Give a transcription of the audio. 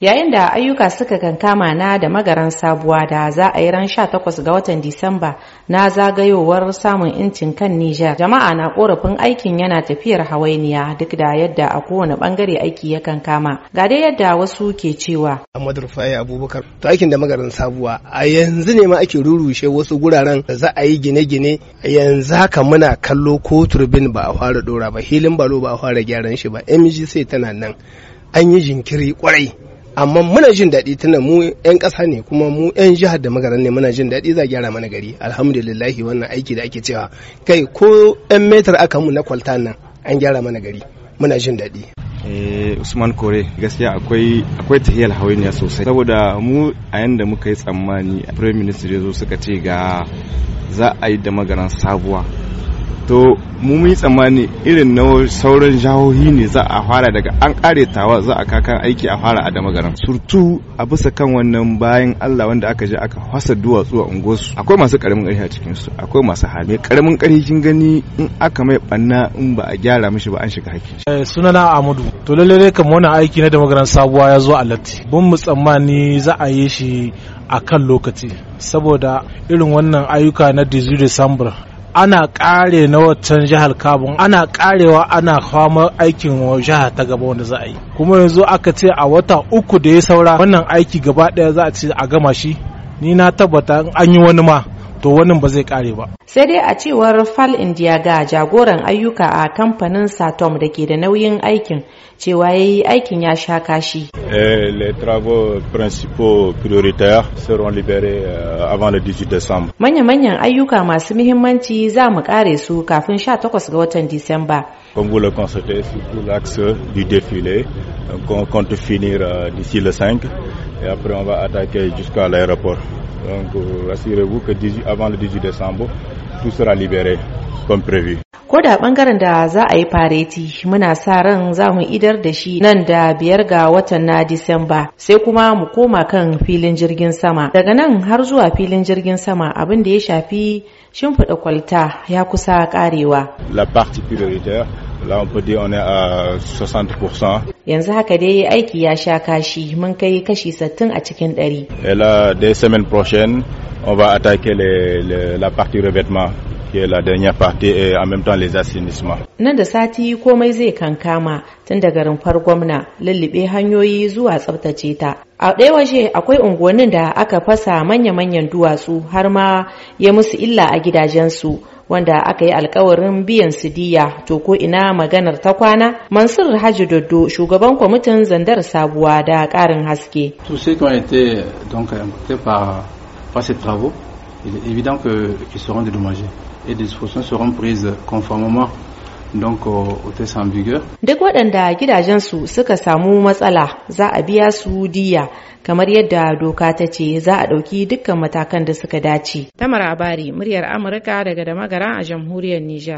yayin da ayyuka suka kankama na da magaran sabuwa da za a yi ran 18 ga watan disamba na zagayowar samun incin kan nijar jama'a na korafin aikin yana tafiyar hawainiya duk da yadda a kowane bangare aiki ya kankama ga dai yadda wasu ke cewa ahmad rufai abubakar to aikin da magaran sabuwa a yanzu ne ma ake rurushe wasu guraren da za a yi gine-gine yanzu haka muna kallo ko turbin ba a fara dora ba hilin balo ba a fara gyaran shi ba mgc tana nan an yi jinkiri kwarai amma muna jin daɗi tunda mu 'yan ƙasa ne kuma mu 'yan jihar da magaran ne muna jin daɗi za a gyara mana gari alhamdulillahi wannan aiki da ake cewa kai ko 'yan metar aka mu na kwalta nan an gyara mana gari muna jin daɗi eh, usman kore gaskiya akwai akwai tahiyar hawainiya sosai saboda mu a yanda muka yi tsammani prime minister ya zo suka ce ga za a yi da magaran sabuwa to mu tsammani irin na sauran jahohi ne za a fara daga an kare tawa za a kakan aiki a fara a dama garan surtu a bisa kan wannan bayan Allah wanda aka je aka fasa duwatsu a unguwarsu akwai masu karamin karfi a cikin su akwai masu hali karamin karfi kin gani in aka mai banna in ba a gyara mishi ba an shiga haƙƙi eh, sunana Ahmadu to lalle ne kamar wani aiki na dama sabuwa ya zo a latti mun mu tsammani za a yi shi a kan lokaci saboda irin wannan ayyuka na 18 December ana kare na waccan jihar kabon ana karewa ana fama aikin jihar ta gaba wanda za a yi kuma yanzu aka ce a wata uku da ya saura wannan aiki gaba daya za a ce a gama shi ni na tabbata an yi wani ma to wannan ba zai kare ba sai dai a cewar fal india ga jagoran ayyuka a kamfanin satom da ke da nauyin aikin cewa ya yi aikin ya sha kashi eh, les travaux principaux prioritaires seront libérés euh, avant le 18 décembre manya-manyan ayyuka masu muhimmanci za mu kare su kafin 18 ga watan disamba comme vous le constatez surtout l'axe du défilé euh, qu'on compte finir euh, d'ici le 5 et après on va attaquer jusqu'à l'aéroport Donc, euh, assurez-vous que avant le 18 décembre, tout sera libéré comme prévu. ko da bangaren da za a yi fareti muna sa ran za mu idar da shi nan da biyar ga watan na disamba sai kuma mu koma kan filin jirgin sama daga nan har zuwa filin jirgin sama abin da ya shafi shimfiɗa kwalta ya kusa karewa la partie prioritaire Là, on peut dire on est à 60%. Yanzu haka dai aiki ya sha kashi mun kai kashi 60 a cikin 100. Et là, des semaines prochaines, on va attaquer les, les, la partie revêtement. qui est la dernière partie et en même temps les assainissements. Nan da sati komai zai kankama tun daga rumfar gwamna lullube hanyoyi zuwa tsabtace ta. A ɗaya waje akwai unguwannin da aka fasa manya-manyan duwatsu har ma ya musu illa a gidajensu. wanda aka yi alkawarin biyan su diya to ko ina maganar ta kwana mansur hajji doddo shugaban kwamitin zandar sabuwa da karin haske tous sai qui ont été donc impactés par par ces travaux il est évident qu'ils seront dédommagés et des dispositions seront prises conformément donc au test en vigueur. Duk waɗanda gidajensu suka samu matsala za a biya su diya kamar yadda doka ta ce za a ɗauki dukkan matakan da suka dace. Tamar Abari, muryar Amurka daga da magara a jamhuriyar Nijar.